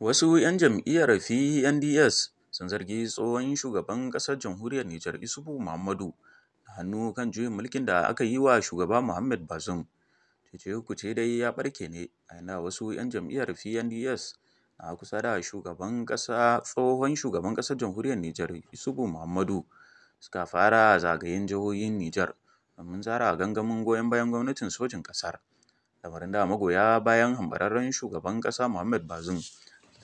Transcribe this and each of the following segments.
Wasu ‘yan jam'iyyar PNDS sun zargi tsohon shugaban ƙasar jamhuriyar Nijar Isubu Muhammadu da hannu kan juyin mulkin da aka yi wa shugaba Mohamed Bazoum. Cece-kuce dai ya ɓarke ne a ina wasu ‘yan jam'iyyar PNDS na kusa da tsohon shugaban ƙasar jamhuriyar Nijar Isubu Muhammadu suka fara zagayen jihohin Nijar domin tsara gangamin goyon bayan gwamnatin sojin ƙasar, lamarin da magoya bayan hambararren shugaban ƙasa Mohamed Bazoum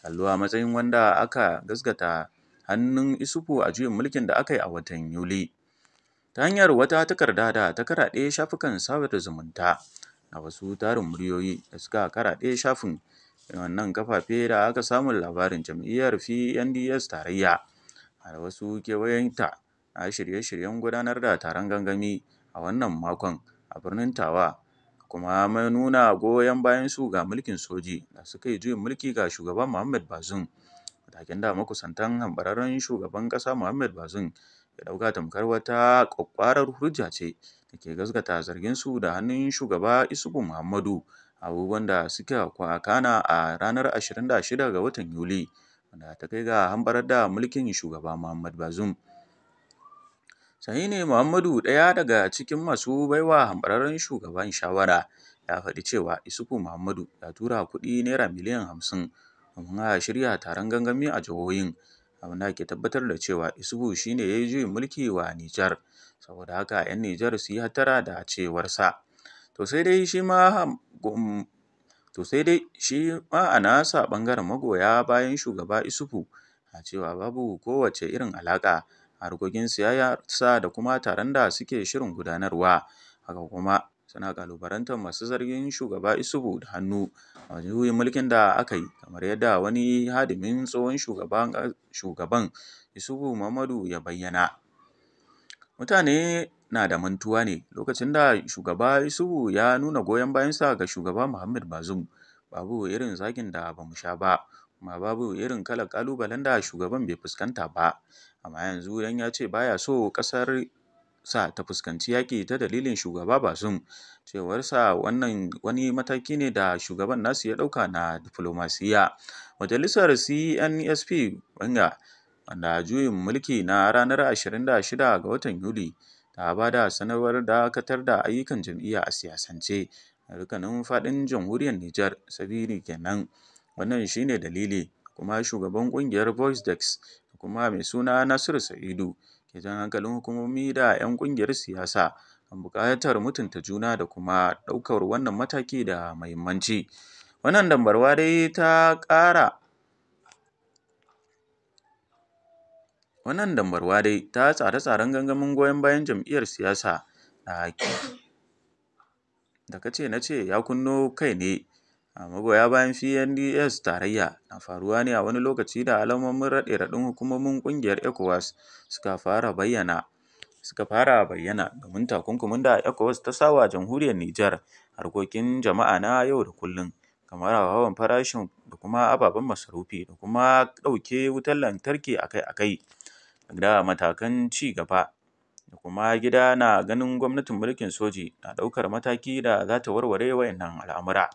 Allo a matsayin wanda aka gaskata hannun Isufu a juyin mulkin da aka yi a watan Yuli. Ta hanyar wata takarda da ta karaɗe shafukan sada zumunta a wasu tarin muryoyi da suka karaɗe shafin wannan kafafe da aka samu labarin jam'iyyar PNDS tarayya a wasu kewayenta a shirye-shiryen gudanar da taron gangami a wannan makon a birnin Tawa kuma mun nuna goyon bayansu ga mulkin soji da suka yi juyin mulki ga shugaban Muhammad Bazoum. Matakin da makusantan hambararren shugaban ƙasa Muhammad Bazoum ya ɗauka tamkar wata ƙwaƙƙwarar hujja ce da ke gaskata su da hannun shugaba Isufu Muhammadu abubuwan da suka kwakana a ranar 26 ga watan Yuli wanda ta kai ga hambarar da mulkin shugaba Muhammad Bazoum. Sani ne Muhammadu, ɗaya daga cikin masu baiwa hamɓararren shugaban shawara, ya faɗi cewa Isufu Muhammadu ya tura kuɗi Naira miliyan hamsin, domin a shirya taron gangami a jihohin, abin da ke tabbatar da cewa Isufu shi ne ya yi juyin mulki wa Nijar, saboda haka 'yan Nijar su yi hattara da cewarsa. To sai dai shi ma a nasa ɓangaren magoya bayan shugaba Isufu na cewa babu kowace irin alaƙa. harkokin siyasa da kuma taron da suke shirin gudanarwa. Haka kuma suna ƙalubalantar masu zargin Shugaba Isubu da hannu a juyin mulkin da aka yi, kamar yadda wani hadimin tsohon Shugaban Isubu Muhammadu ya bayyana. Mutane na da mantuwa ne lokacin da Shugaba Isubu ya nuna goyon bayansa ga Shugaba Muhammad Bazoum, babu irin zagin da bamu sha ba. ma babu irin kalan ƙalubalen da shugaban bai fuskanta ba. Amma yanzu idan ya ce ba ya so ƙasar sa ta fuskanci yaƙi ta dalilin shugaba basun. cewarsa wannan wani mataki ne da shugaban nasu ya ɗauka na diflomasiyya. Majalisar CNSP wanga wanda juyin mulki na ranar shida ga watan Yuli ta ba da sanarwar dakatar da ayyukan jam'iyya a siyasance a dukkanin faɗin jamhuriyar Nijar, sabili kenan. Wannan shi ne dalili kuma shugaban ƙungiyar Voice da kuma mai suna Nasiru Sa'idu ke jan hankalin hukumomi da ‘yan ƙungiyar siyasa kan buƙatar mutunta juna da kuma ɗaukar wannan mataki da muhimmanci. Wannan dambarwa dai ta ƙara Wannan dambarwa dai ta tsare-tsaren gangamin goyon bayan jam'iyyar siyasa da da na ce ya kunno kai ne Magoya bayan PNDS tarayya na faruwa ne a wani lokaci da alamomin raɗe-raɗin hukumomin ƙungiyar ECOWAS suka fara bayyana domin takunkumin da ECOWAS ta sa wa Jamhuriyar Nijar harkokin jama'a na yau da kullum, kamar hauhawar farashin da kuma ababen masarufi da kuma ɗauke wutar lantarki akai-akai da matakan cigaba da kuma gida na ganin gwamnatin mulkin soji na ɗaukar mataki da za ta warware waɗannan al'amura.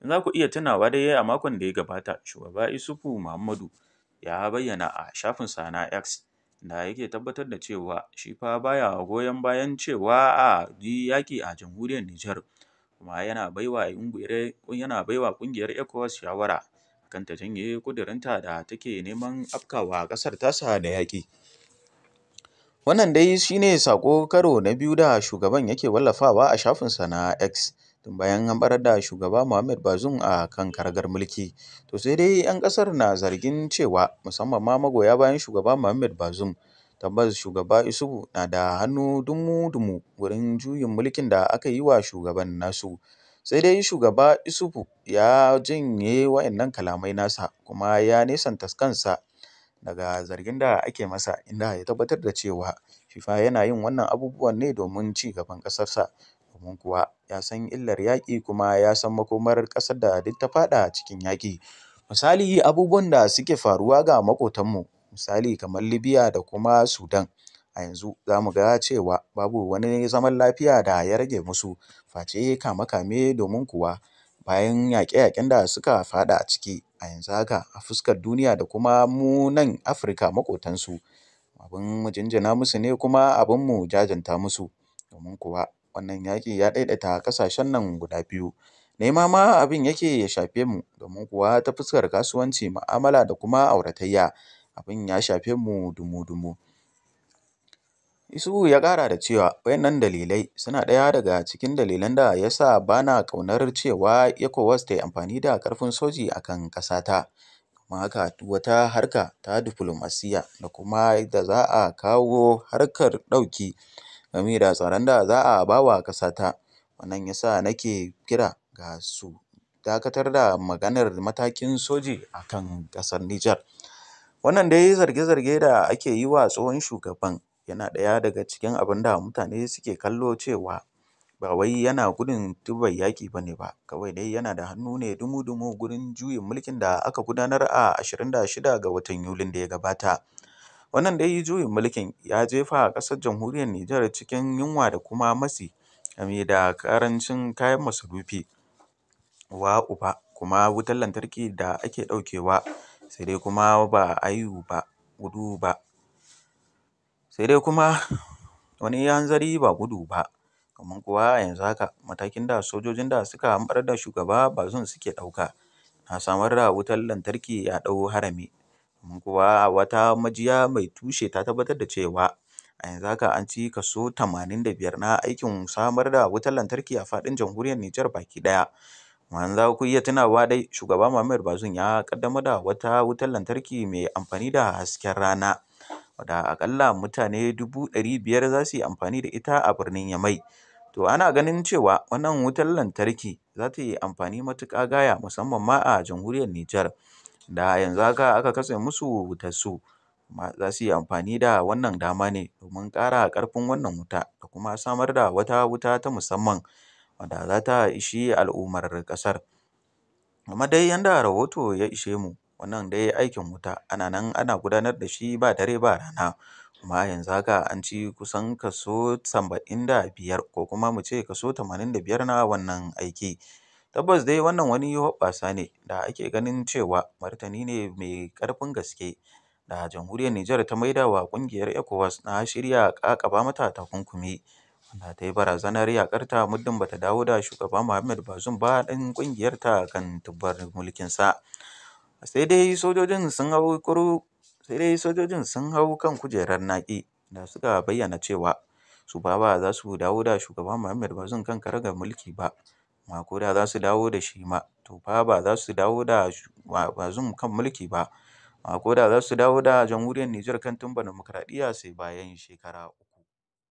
za ku iya tunawa dai a makon da ya gabata, Shugaba Isufu Muhammadu ya bayyana a shafinsa na X da yake tabbatar da cewa shi fa baya goyon bayan cewa a yi yaƙi a jamhuriyar Nijar, kuma yana baiwa yana baiwa ƙungiyar ECOWAS shawara kan ta janye ƙudurinta da take neman afkawa ƙasar tasa da yaƙi. Wannan dai shine sako karo na biyu da shugaban yake wallafawa a shafinsa na X. tun bayan an barar da shugaba Muhammad Bazoum a kan karagar mulki. To sai dai 'yan ƙasar na zargin cewa musamman ma magoya bayan shugaba Mohamed Bazoum tabbas shugaba isubu na da hannu dumu-dumu wurin juyin mulkin da aka yi wa shugaban nasu. Sai dai shugaba Isuhu ya janye waɗannan kalamai nasa kuma ya nesanta kansa daga zargin da ake masa inda ya tabbatar da cewa shi yana yin wannan abubuwan ne domin ci gaban ƙasarsa. domin kuwa ya san illar yaƙi kuma ya san makomar ƙasar da duk ta faɗa cikin yaƙi. Misali abubuwan da suke faruwa ga maƙotanmu misali kamar Libya da kuma Sudan a yanzu za mu ga cewa babu wani zaman lafiya da ya rage musu face kame-kame domin kuwa bayan yaƙe-yaƙen da suka faɗa a ciki a yanzu haka a fuskar duniya da kuma mu nan Afirka maƙotansu abin mu jinjina musu ne kuma abin mu jajanta musu domin kuwa Wannan yaƙi ya ɗaiɗata ƙasashen nan guda biyu, nema ma abin yake ya shafe mu, domin kuwa ta fuskar kasuwanci, mu'amala da kuma auratayya, abin ya shafe mu dumu-dumu. Isuhu ya ƙara da cewa, waɗannan dalilai suna ɗaya daga cikin dalilan da ya sa ba na ƙaunar cewa ECOWAS ta yi amfani da ƙarfin soji a kan ƙasata. kuma haka wata harka ta diflomasiyya da kuma yadda za a kawo harkar ɗauki game da tsaron da za a ba wa ƙasata. Wannan ya sa nake kira ga su dakatar da maganar matakin soji a kan ƙasar Nijar. Wannan dai zarge-zarge da ake yi wa tsohon shugaban yana ɗaya daga cikin abin da mutane suke kallo cewa ba wai yana gudun tuban yaƙi ba ne ba, kawai dai yana da hannu ne dumu-dumu gurin juyin mulkin da aka gudanar a ashirin da shida ga watan Yulin da ya gabata. Wannan dai juyin mulkin ya jefa ƙasar Jamhuriyar Nijar cikin yunwa da kuma matsi game da ƙarancin kayan masarufi Wa uba kuma wutar lantarki da ake ɗaukewa sai dai kuma ba a yi ba gudu ba. Sai dai kuma wani hanzari ba gudu ba, domin kuwa a yanzu haka matakin da sojojin da suka hamɓarar da shugaba Bazoum suke ɗauka na samar da wutar lantarki a ɗau harami. Kuma wata majiya mai tushe ta tabbatar da cewa a yanzu haka an ci kaso tamanin da biyar na aikin samar da wutar lantarki a faɗin jamhuriyar Nijar baki ɗaya. Amma za ku iya tunawa dai Shugaba Muhammadu Bazoum ya ƙaddamar da wata wutar lantarki mai amfani da hasken rana wadda aƙalla mutane dubu ɗari biyar za su yi amfani da ita a birnin Yamai. To ana ganin cewa wannan wutar lantarki za ta yi amfani matuƙa gaya musamman ma a jamhuriyar Nijar. da yanzu haka aka katse musu kuma za su yi amfani da wannan dama ne domin ƙara ƙarfin wannan wuta da kuma samar da wata wuta ta musamman wanda za ta ishi al'ummar ƙasar. kuma dai yanda rahoto ya ishe mu wannan dai aikin wuta ana nan ana gudanar da shi ba dare ba rana kuma yanzu haka an ci kusan kaso saba'in da biyar ko kuma mu ce kaso tamanin da biyar na wannan aiki. Tabbas dai wannan wani hoɓɓasa ne da ake ganin cewa martani ne mai ƙarfin gaske da Jamhuriyar Nijar ta maida wa ƙungiyar ECOWAS na shirya ƙaƙaba mata takunkumi, wanda ta yi barazanar yaƙar ta muddin ba ta dawo da Shugaba Mohamed Bazoum ba ɗan ƙungiyarta kan tubbar mulkinsa. Sai dai sojojin sun hau kuru sai dai sojojin sun hau kan kujerar naƙi da suka bayyana cewa su fa ba za su dawo da Shugaba Mohamed Bazoum kan karagar mulki ba. ma ko da za su dawo da shi ma to fa ba za su dawo da Bazoum kan mulki ba ma ko da za su dawo da jamhuriyar Nijar kan ba dimokuraɗiyya sai bayan shekara uku.